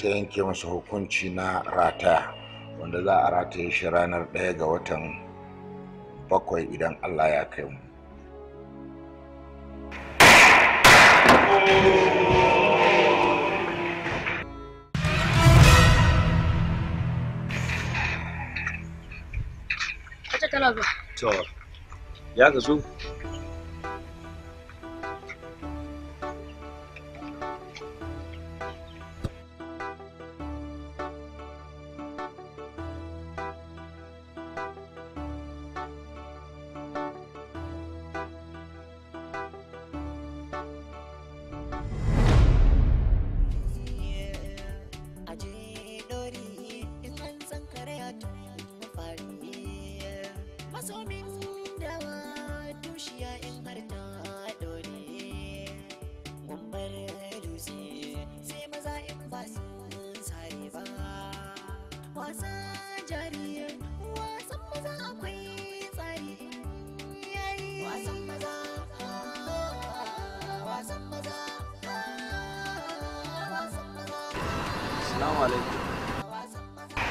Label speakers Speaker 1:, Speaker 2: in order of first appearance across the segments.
Speaker 1: ta yanke masa hukunci na rataya wanda za a rataye shi ranar ɗaya ga watan bakwai idan allah ya kai mu
Speaker 2: ya Assalamu alaikum.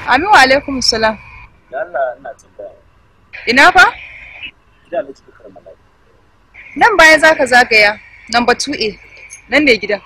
Speaker 3: Amin wa alaikum salam.
Speaker 2: Allah ina tambaya. Ina fa? Gida ne cikin
Speaker 3: Nan baya zaka zagaya, number 2A. Nan ne gidan.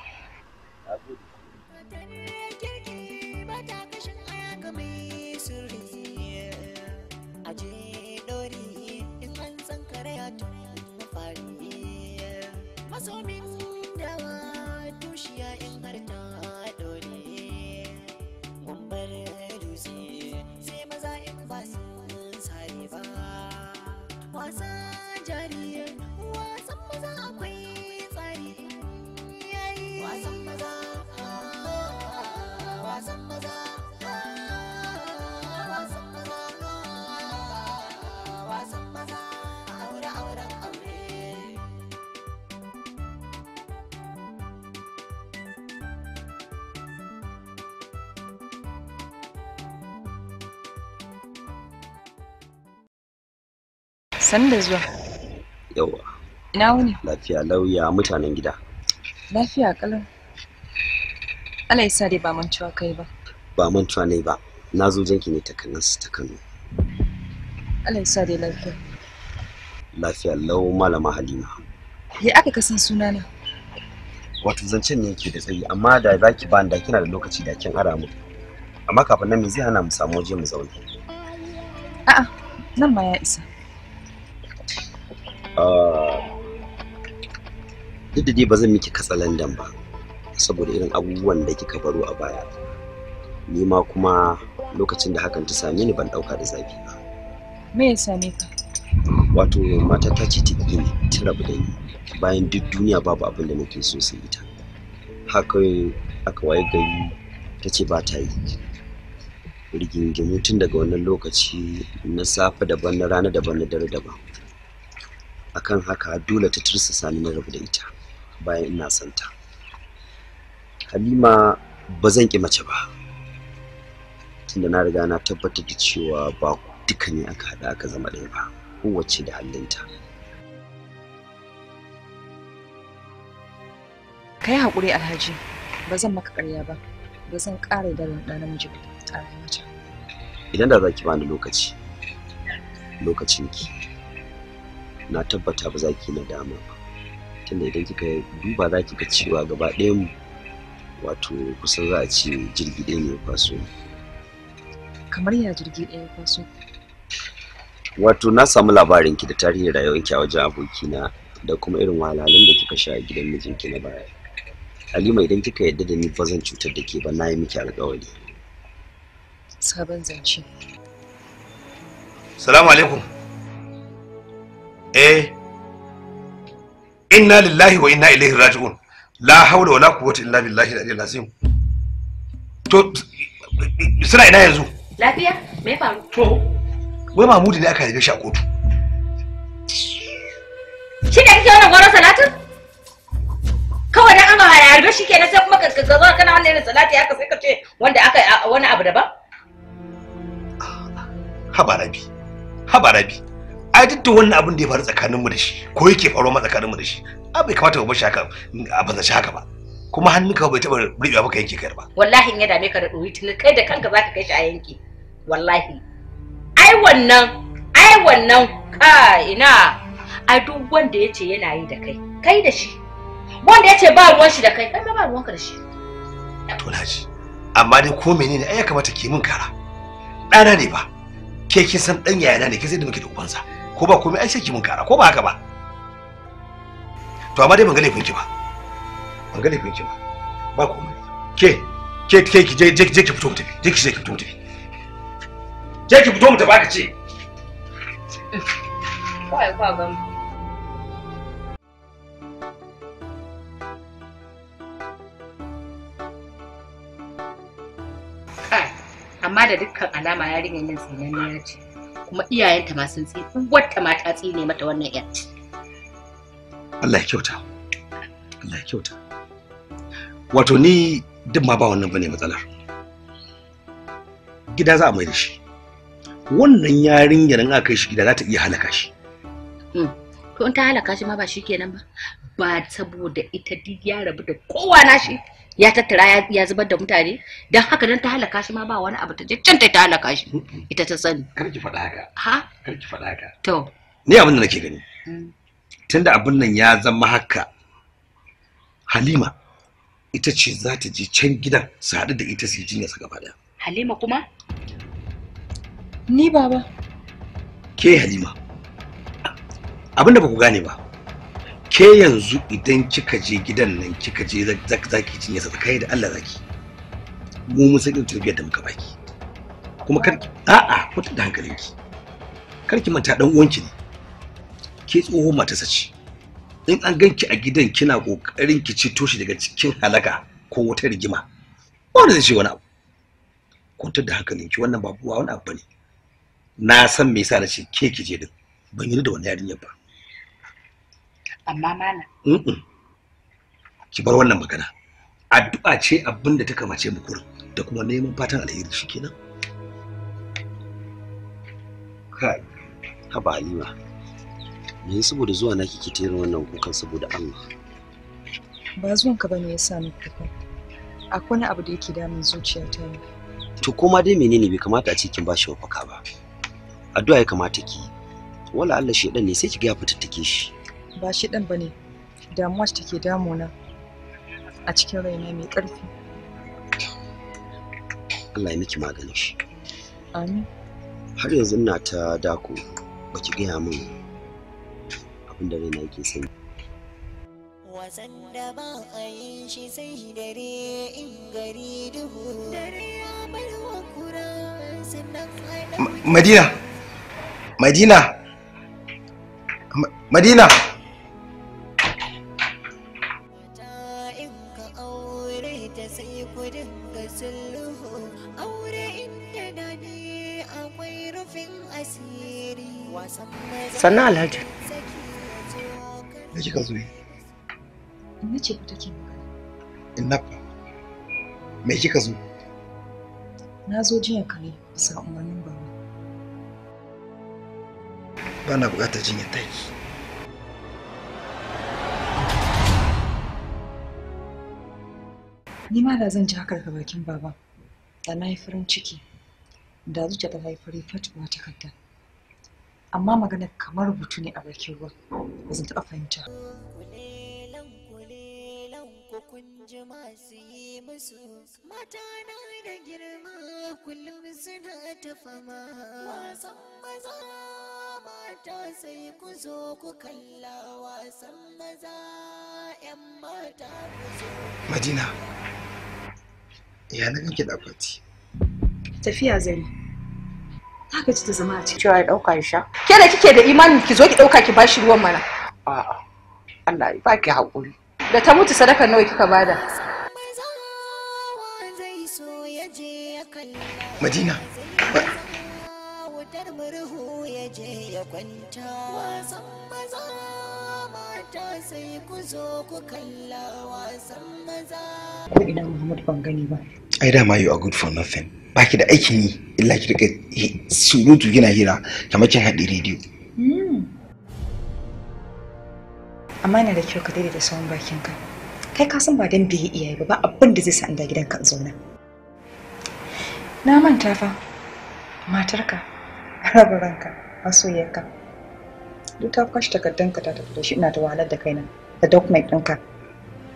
Speaker 3: sanda zuwa yawa ina wuni
Speaker 2: lafiya lauya mutanen gida
Speaker 3: lafiya kalau Allah yasa dai ba mantuwa kai ba
Speaker 2: ba mantuwa ne ba na zo janki ne ta su ta Kano
Speaker 3: Allah yasa dai lafiya
Speaker 2: lafiya lau malama Halima
Speaker 3: ya aka kasan sunana
Speaker 2: wato zancen ne yake da tsayi amma da ki ba da kina da lokaci da kin ara mu amma kafin nan me zai hana mu samu waje mu zauna
Speaker 3: a'a nan ma ya isa
Speaker 2: duk da dai ba zan miki katsalandan ba saboda irin abubuwan da kika baro a baya ni ma kuma lokacin da hakan ta same ni ban dauka da zafi ba
Speaker 3: me ya same ka
Speaker 2: wato mata ta ci ta ne ta rabu da ni bayan duk duniya babu abin da nake so sai ita haka aka waye gari ta ce ba ta yi rigingimu tun daga wannan lokaci na safe daban na rana daban na dare daban akan haka dole ta tursa Sani na rabu da ita bayan ina son ta halima ba zan ki mace ba tunda na riga na tabbatar da cewa ba duka ne aka haɗa aka zama ɗaya ba kowace da hallinta
Speaker 3: ka yi haƙuri alhaji ba zan maka ƙarya ba ba zan ƙara da ɗan namiji ba da mace
Speaker 2: idan da za ki bani lokaci lokacin ki. na tabbata ba za ki nadama ba tunda idan kika duba za ki ga cewa gaba ɗayan mu wato kusan za a ce jirgi ɗaya ne kwaso
Speaker 3: kamar ya jirgi ɗaya kwaso
Speaker 2: wato na samu labarin ki da tarihin ki a wajen abokina da kuma irin wahalhalun da kika sha a gidan mijinki na baya halima idan kika yadda da ni ba zan cutar da ke ba na yi miki
Speaker 1: alƙawari
Speaker 3: sabon zance
Speaker 1: salamu alaikum eh inna lillahi wa inna ilaihi raji'un la haula wala quwwata illa billahi al-aliyyil azim to suna ina yanzu
Speaker 4: lafiya me faru to
Speaker 1: wai mamudu ne aka yi shi a kotu
Speaker 4: shi da kike wannan gwaro salatin
Speaker 3: kawai dan amma ya rige shi kenan sai kuma ka zo kana wannan salati haka sai ka ce
Speaker 1: wanda aka wani abu daban haba rabi haba rabi ai duk da wannan abin da ya faru tsakanin mu da shi ko yake faruwa ma tsakanin mu da shi a bai kamata ba shaka haka a banza shaka haka ba kuma hannunka bai taba rubewa ka yanke kai ba wallahi in ya dame ka
Speaker 4: da ɗori tun kai da kanka zaka kai shi a yanke wallahi ai wannan ai wannan ka ina ai duk wanda ya ce yana yi da kai kai da shi wanda ya ce ba ruwan shi da kai kai ma ba ka da shi
Speaker 1: to na ji amma dai ko menene ai ya kamata ki min kara ɗana ne ba ke kin san ɗan yayana ne ke sai da muke da ubansa ko ba komai ai sai ki mun kara ko ba haka ba to amma dai ban ga laifin ki ba ban ga laifin ki ba ba komai ke ke ke ki je je ki fito mu tafi je ki je ki fito mu tafi je ki fito mu tafi aka ce
Speaker 3: kawai kwa ban
Speaker 4: amma da dukkan alama yarinyar nan ya ce kuma iyayenta ma sun tsine wata mata ta tsine mata wannan yar
Speaker 1: Allah ya kyauta Allah ya kyauta wato ni duk ma ba wannan bane matsalar gida za a mai da shi wannan yarinyar in aka kai shi gida za ta iya halaka shi
Speaker 4: hmm. to in ta halaka shi ma ba shi kenan ba ba saboda ita duk ya rabu da kowa na shi ya tattara ya zubar da mutane don haka don ta halaka shi ma ba wani abu ta je ta halaka shi ita ta sani kar ki faɗa haka ha
Speaker 1: kar ki faɗa haka to ni abin da nake gani mm. tunda abin nan ya zama haka Halima ita ce za ta je can gidan su haɗu da ita su yi jinya su gaba ɗaya
Speaker 3: Halima kuma ni baba
Speaker 1: ke Halima abin da ba ku gane ba ke yanzu idan kika je gidan nan kika je zaki cinye sa kai da Allah zaki mu mun san irin tarbiyyar da muka baki kuma kar a'a kwata da hankalinki kar ki manta dan uwanki ne ke tsoho mata sace in an ganki a gidan kina kokarin ki cito shi daga cikin halaka ko wata rigima wanda zai ce wani abu kwantar da hankalinki wannan babu wani abu bane na san me yasa na ce ke ki je din ban yi da wani yarinyar ba
Speaker 3: amma malam
Speaker 1: ki bar wannan magana addu'a ce abin da ta kamace mu kurin da kuma neman fatan alheri shi kenan. kai
Speaker 2: haba ba. me saboda zuwa na kike tera wannan kukan saboda Allah
Speaker 3: ba zuwan ka bane ya sa ni kuka akwai wani abu da yake damun ta ne
Speaker 2: to koma dai menene bai kamata a ce kin bashi wafaka ba addu'a ya kamata ki wala Allah shedan ne sai ki ga ya fitattake shi
Speaker 3: ba shi ɗan ba ne damuwa take damuna a cikin raina mai ƙarfi
Speaker 2: Allah ya miki maganin shi amin har yanzu ina ta dako ba ki gaya min abin da raina yake sani
Speaker 4: wasan da ba a yi shi sai dare in gari
Speaker 1: duhu dare ya bar wa kura sannan madina madina madina sannan alhaji Me kika zo yi
Speaker 3: Inna ce ku take
Speaker 1: magana fa, me kika zo
Speaker 3: na zo jinya kare bisa umarnin baba
Speaker 1: ba na bukatar jinya taki
Speaker 3: ni ma da zan ji haka daga bakin baba da na yi farin ciki da zuciya ta haifar ta takarda amma magana kamar rubutu ne a bakin ruwa ba zan taɓa fahimta da
Speaker 4: girma kullum suna maza mata sai ku zo
Speaker 1: madina ya na kanki da
Speaker 3: akwati tafiya zai ta gaji da zama a ciki cewa ya dauka ya sha ke da kike da imani ki zo ki ɗauka ki bashi ruwan mana a'a Allah ya baki hakuri da ta mutu sadaka nawa kika bada
Speaker 1: Madina ko ina Muhammad ban gani ba ai dama you a good for nothing baki da aikin yi illa ki rika surutu kina hira kamar kin haɗi rediyo
Speaker 3: hmm. amma na da kyau ka da sauran bakin ka kai ka san ba dan biye iyaye ba ba abin da zai sa inda gidanka in zauna na manta fa matarka raba ranka masoyarka duk ta kwashe takardanka ta tafi da shi ina ta wahalar da kaina da document ɗinka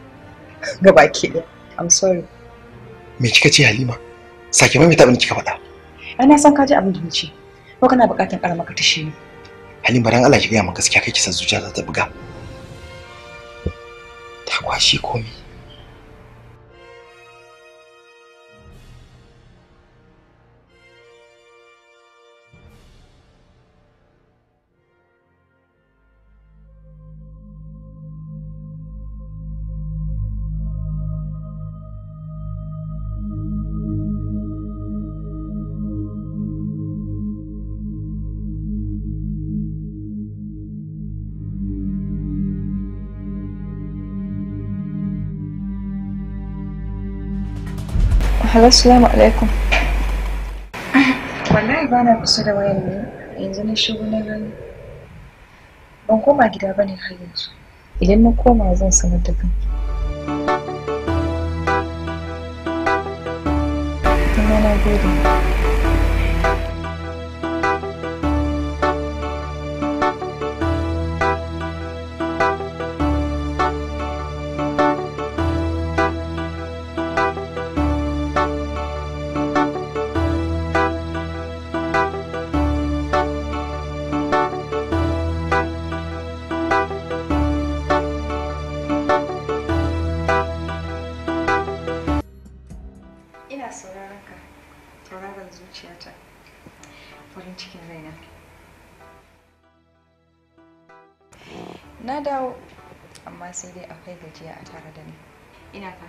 Speaker 3: gaba ke ɗaya i'm sorry me kika ce halima
Speaker 1: sake mai abin ka faɗa
Speaker 3: ai na san ka ji abin da nace ko kana buƙatar ƙara maka tashi ne
Speaker 1: halin baran Allah ki gaya min gaskiya kai kisan zuciya za ta buga ta kwashi komai
Speaker 3: Hello, salamu alaikum. Wallahi ba na kusa da wayan ne, yanzu na shigo na gani. Ban koma gida ba ne har yanzu. Idan na koma zan sanar da na gode.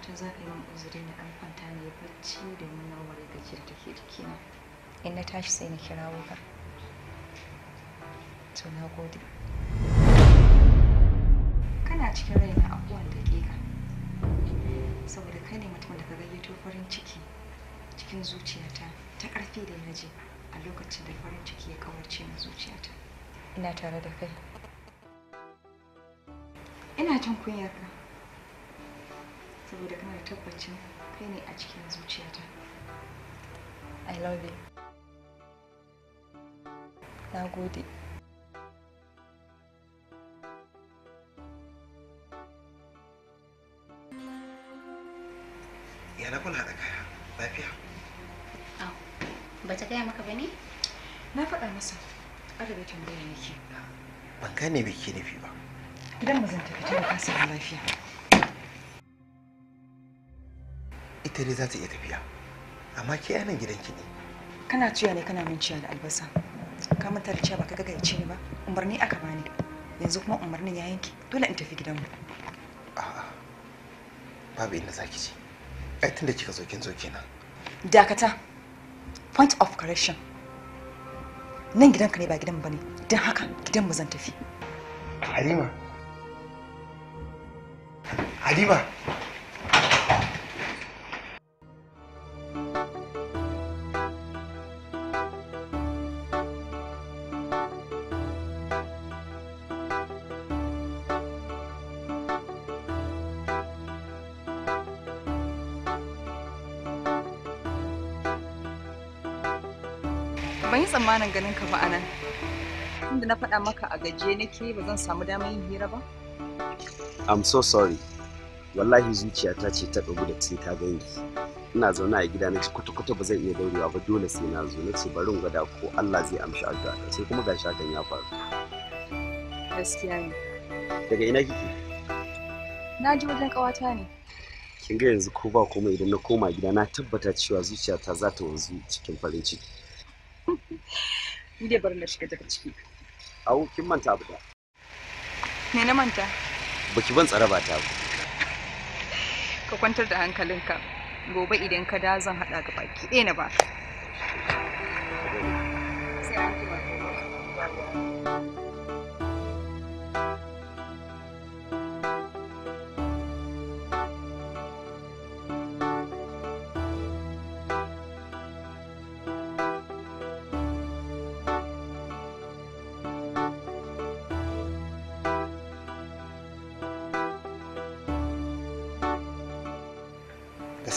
Speaker 3: fatan za ka yi min uzuri na ne kwanta na yi barci domin warware gajiyar da ke jikina in na tashi sai na kira wuka to na gode kana cikin raina a da daƙiƙa saboda kai ne mutum da ka gayyato farin ciki cikin zuciyata ta ƙarfi da yaji a lokacin da farin ciki ya kawarce na zuciyata ina tare da kai ina jin kunyar ka saboda kana tabbacin kai ne a cikin zuciyata i love you na gode
Speaker 1: ya na kuna haɗa kaya lafiya
Speaker 3: ba ta gaya maka ba ne na faɗa masa arabe tambaya yake.
Speaker 1: ban gane bai ke nufi ba
Speaker 3: gidan mazan tafi ta kasa lafiya
Speaker 1: ke ne za ta iya tafiya amma ke anan gidanki ne
Speaker 3: kana ciya ne kana min ciya da albasa ka mutar ciya ba ka ga gaice ne ba umarni aka bani yanzu kuma umarnin ya yanki dole in tafi gidanmu
Speaker 1: a'a babu inda zaki je ai tunda kika zo kin zo kenan
Speaker 3: dakata point of correction nan gidanka ne ba gidan bane don haka gidan mu zan tafi
Speaker 1: halima halima
Speaker 3: nan ganin ka ba a nan. Inda na faɗa maka a gaje nake ba zan samu damar yin hira ba?
Speaker 2: I'm so sorry. Wallahi zuciyata ce ta ɗauki da ce ka gani. Ina zaune a gida na kwata-kwata ba zan iya daurewa ba dole sai na zo na ce bari gwada ko Allah zai amshi addu'a sai kuma gashi hakan ya faru. Gaskiya ne. Daga ina kike?
Speaker 3: Na ji wajen ƙawata ne.
Speaker 2: Kin ga yanzu ko ba komai idan na koma gida na tabbata cewa zuciyata za ta wanzu cikin farin ciki.
Speaker 3: ni dai bari na shiga daga ciki
Speaker 2: au kin manta abu da me na manta baki ban tsara ba ta ba
Speaker 3: ka kwantar da hankalinka gobe idan ka da zan hada ga baki ɗaya na ba
Speaker 4: sai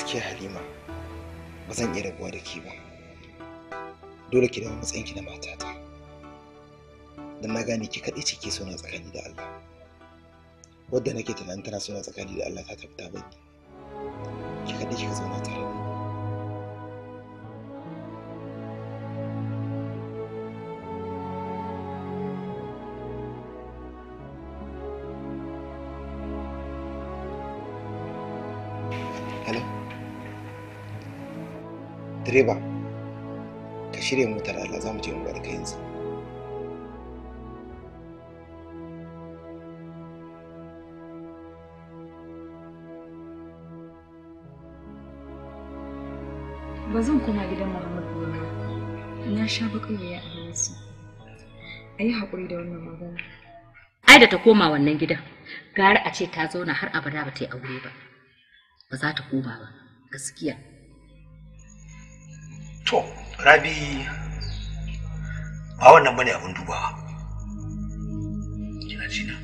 Speaker 1: gaskiya halima ba zan iya rabuwa da ke ba dole ki dawo ki na matata don na gane ki kaɗai ce suna so na tsakani da Allah wadda nake tunanin tana so tsakani da Allah ta tabbata ba ki kaɗai kika zauna tare direba ka shirya motar Allah za mu je mu bar ka yanzu
Speaker 3: ba zan koma gidan Muhammad ba na sha bakin ya a hannunsa a yi haƙuri da wannan magana
Speaker 4: ai da ta koma wannan gidan gara a ce ta zauna har abada ba ta yi aure ba ba za ta koma ba gaskiya
Speaker 1: to rabi ba wannan bane abin dubawa kina ji na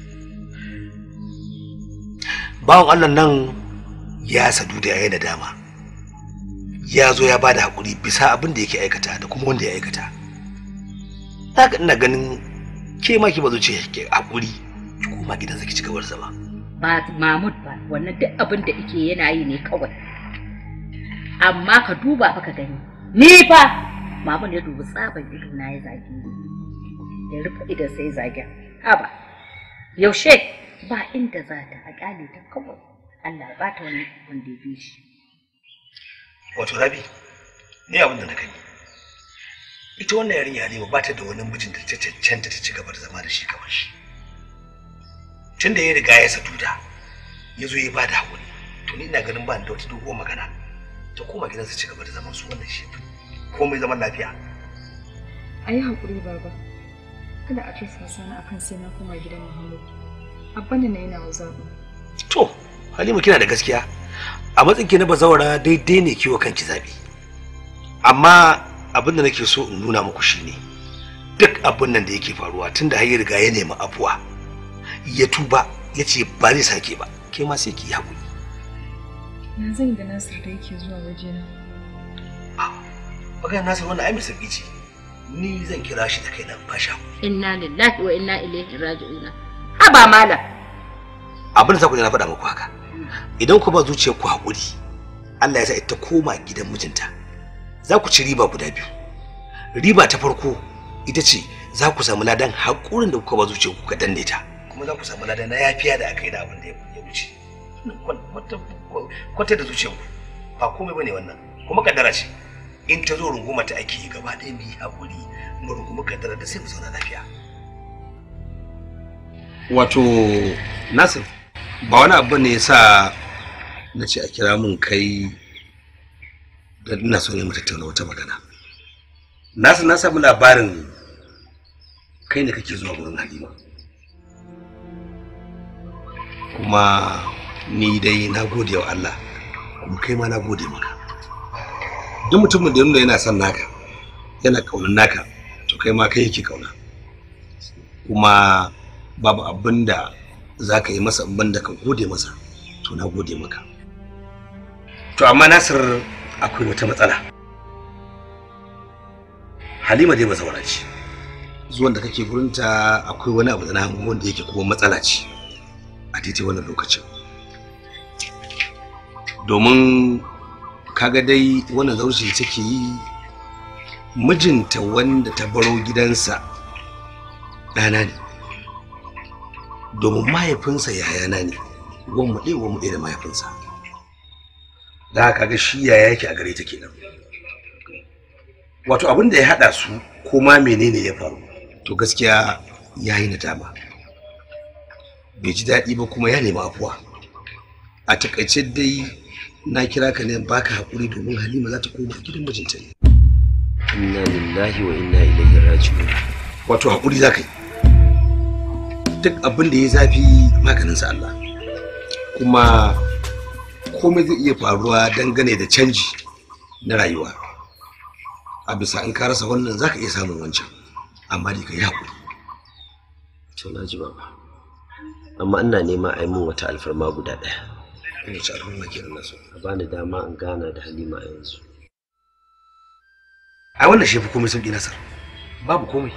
Speaker 1: bawan Allah nan ya sadu da yayin da dama ya zo ya bada hakuri bisa abin da yake aikata da kuma wanda ya aikata haka ina ganin ke ma ki bazo ce ke hakuri ki koma gidansa ki ci gaba da zama
Speaker 4: ba Mahmud ba wannan duk abin da yake yana yi ne kawai amma ka duba fa ka gani ni fa mamun ya dubi tsaban ido na ya zage ni ya rufe idan sai zage haba yaushe ba inda za ta a kyale ta kawai Allah ba ta wani wanda ya shi wato rabi
Speaker 1: ni abin da na kai ita wannan yarinya ne ba ta da wani mijin da ta cancanta ta ci gaba da zama da shi kamar shi tunda ya riga ya tuta ya zo ya ba da haƙuri to ni ina ganin ba da wata doguwar magana ta koma gida su ci gaba da zaman su wannan shi komai zaman lafiya
Speaker 3: a yi haƙuri baba kada a tursa sani akan sai na koma gidan muhammad abban da na yana wa zaɓi
Speaker 1: to halima kina da gaskiya a matsayin ki na bazawara daidai ne kiwo kanki zaɓi amma abin da nake so in nuna muku shine duk abin nan da yake faruwa tunda har ya riga ya nemi afuwa ya tuba ya ce ba zai sake ba ke ma sai ki yi haƙuri
Speaker 3: yanzu da Nasir da yake zuwa wajena.
Speaker 1: Magana Nasir wannan ai mai ce. Ni zan kira shi da kaina ba sha
Speaker 4: hakuri. Inna lillahi wa inna ilaihi raji'un. Haba mala.
Speaker 1: Abin da za ku na faɗa muku haka. Idan ku ba zuciyar ku hakuri, Allah ya sa ita koma gidan mijinta. Za ku ci riba guda biyu. Riba ta farko ita ce za ku samu ladan haƙurin da kuka ba zuciyar ku ka danne ta. Kuma za ku samu ladan na yafiya da aka yi da abin da ya kwata da zuciyar ku ba komai bane wannan kuma kaddara ce in ta zo runguma ta ake gaba ɗaya mu yi haƙuri mu runguma kaddara da sai mu zauna lafiya wato nasir ba wani abu ne ya sa na ce a kira mun kai da ina so ne mu tattauna wata magana nasir na samu labarin kai ne kake zuwa gurin halima kuma ni dai na gode wa Allah kuma kai ma na gode maka duk mutumin da yana son naka yana kaunar naka to kai ma kai yake kauna kuma babu abinda zaka yi masa abin da ka gode masa to na gode maka to amma nasir akwai wata matsala halima dai zaura ce zuwan da kake gurinta akwai wani abu da na hango wanda yake kuma matsala ce a daidai wannan lokacin domin kaga dai wani zaushi take yi mijinta wanda ta baro gidansa ɗana ne domin mahaifinsa yayana ne wanmu ɗaya wanmu ɗaya da mahaifinsa da haka ga shi yaya yake a gare ta kenan wato abin da ya haɗa su ko ma menene ya faru to gaskiya ya yi nadama bai ji daɗi ba kuma ya nemi afuwa a takaice dai na kira ka ne baka hakuri domin halima za ta koma gidan mijinta ne inna lillahi wa inna ilaihi raji'un wato hakuri za ka yi duk abin da ya zafi maganin sa Allah kuma komai zai iya faruwa dangane da canji na rayuwa a bisa in ka rasa wannan za ka iya samun wancan amma dai ka yi hakuri
Speaker 2: to na baba amma ina nema a yi min wata alfarma guda ɗaya ci al'umma ke nan su a bani dama an gana da halima a yanzu
Speaker 1: a wannan shi fi komai sauki nasar babu komai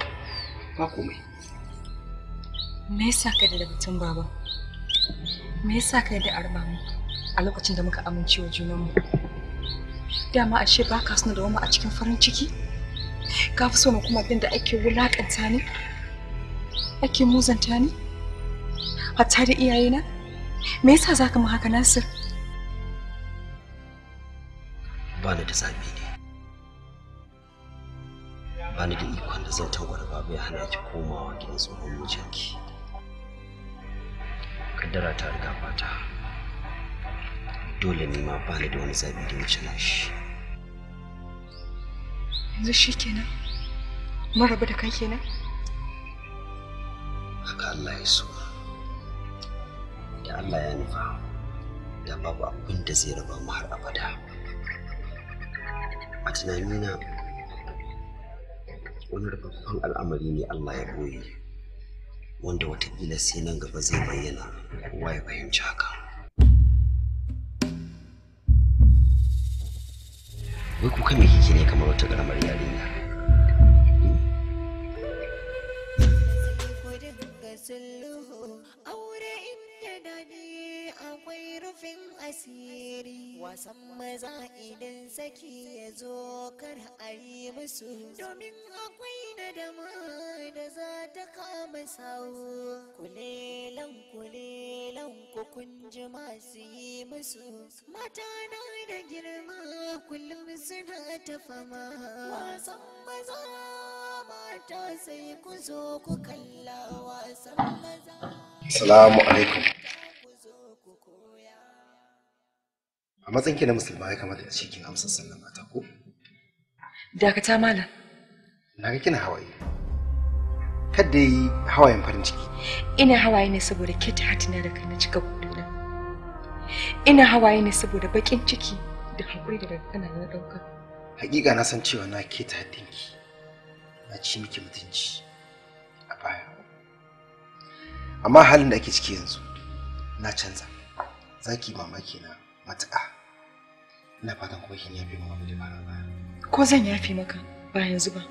Speaker 1: ba komai
Speaker 3: me yasa ka da batun baba me yasa ka da arbamu a lokacin da muka amince wa junanmu dama ashe ba ka suna da wama a cikin farin ciki ka fi so mu kuma abin da ake wulakanta ne ake muzanta ne hatta da iyayena me yasa zaka mu haka Nasir
Speaker 2: ba ni da zabi ne ba ni da ikon da zan tangwara babu ya hana ki komawa gidan tsohon mijinki kaddara ta riga fata dole ne ma ba ni da wani zabi da wuce na shi
Speaker 3: yanzu shi kenan mun rabu da kai kenan
Speaker 2: haka Allah ya so da Allah ya nufa da babu abin da zai raba mu har abada a tunanina wani babban al'amari ne Allah ya boye wanda wata watakila sai nan gaba zai bayyana kowa ya fahimci haka wai kuka me kike ne kamar wata karamar yarinya
Speaker 4: asiri wasan maza idan saki ya zo kar a yi musu domin akwai na dama da za ta kama sawu kulelan kulelan ku kun ji masu yi musu mata na da girma kullum suna ta fama wasan maza mata sai ku zo ku kalla wasan maza
Speaker 1: Assalamu alaikum. a matsayin ki na musulma ya kamata ce kin amsa sallama ta ko
Speaker 3: dakata malam
Speaker 1: na ga kina hawaye kada yi
Speaker 3: hawayen farin ciki ina hawaye ne saboda ke ta hatina da kai na cika gudana ina hawaye ne saboda bakin ciki da hakuri da kana na dauka
Speaker 1: hakika na san cewa na ke ta hatinki na ci miki mutunci a baya amma halin da ake ciki yanzu na canza zaki mamaki na matuƙa ina fatan kuma kin yafe min abin da ba
Speaker 3: baya ko zan yafe maka ba yanzu ba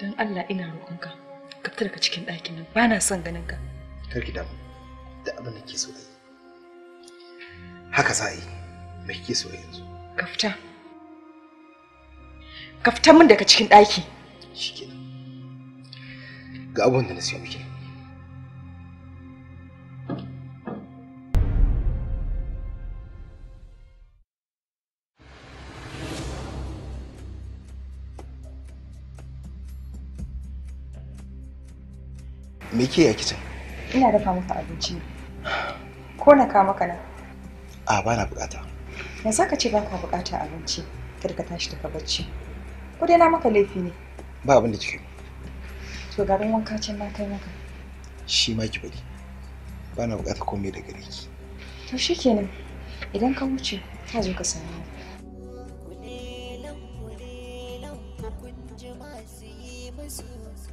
Speaker 3: don Allah ina roƙonka ka fita daga cikin ɗakin nan ba na son ganin ka
Speaker 1: kar ki damu da abin da ke so yi haka za a yi me kike so yanzu
Speaker 3: ka fita ka fita min daga cikin ɗaki shikenan
Speaker 1: ga abin da na siya miki ke a kicin?
Speaker 3: Ina dafa maka abinci. Ko na ka maka nan?
Speaker 1: A ba na bukata.
Speaker 3: Ya za ka ce ba ka bukata abinci, kada ka tashi daga bacci. Ko dai na maka laifi ne? Ba abin da kike. To garin wanka ce na kai maka.
Speaker 1: Shi ma ki bari. Ba na bukata komai daga gare ki.
Speaker 3: To shikenan. Idan ka wuce, ka zo ka same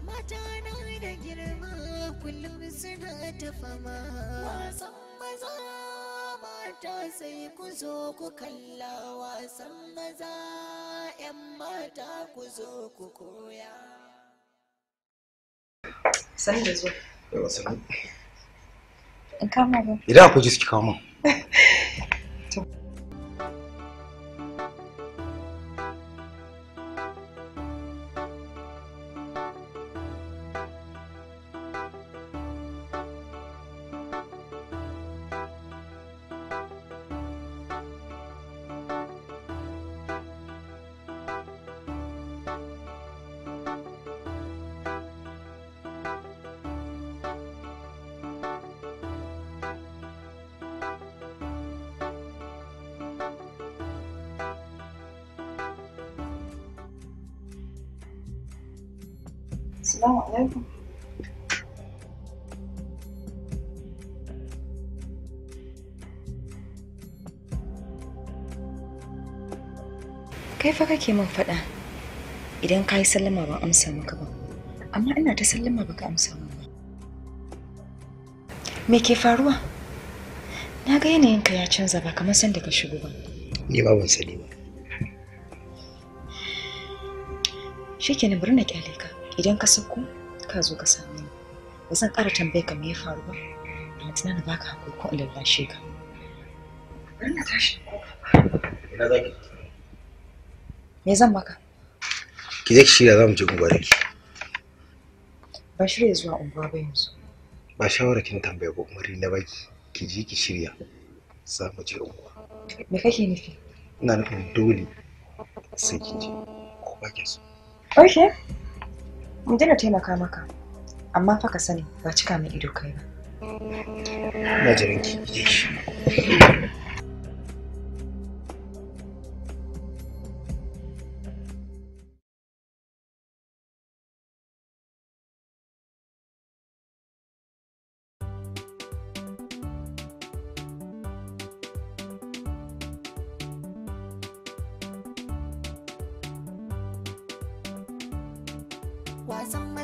Speaker 4: mata na da girma kullum sun ta fama wasan maza mata sai ku zo ku kalla wasan maza 'yan mata ku zo ku koya
Speaker 3: san da zo yawa sanar in kama ba
Speaker 1: idan akwai jiski kawo
Speaker 3: là enlève. Kai fa kake min faɗa idan ka yi sallama ban amsa maka ba, amma ina ta sallama baka amsa min ba. Me ke faruwa? Na ga yanayinka ya canza ba kamar san da ka shigo ba.
Speaker 1: Ni ba ban sani ba.
Speaker 3: Shikenan bari na kyale ka. idan ka sako ka zo ka same ni ba zan ƙara tambaye ka me ya faru ba amma tana ba baka hakuri ko in lallashe ka ina me zan maka
Speaker 1: ki je ki shirya za mu je unguwa ki
Speaker 3: ba shirya zuwa unguwa ba yanzu
Speaker 1: ba shawara kin tambaya ba umarni na baki ki je ki shirya za mu je unguwa
Speaker 3: me kake nufi
Speaker 1: ina nufin dole sai ki je ko ba ki so
Speaker 3: okay in dina taimaka maka amma fa ka sani ba cika mai ido kai ba
Speaker 1: mm.
Speaker 4: why some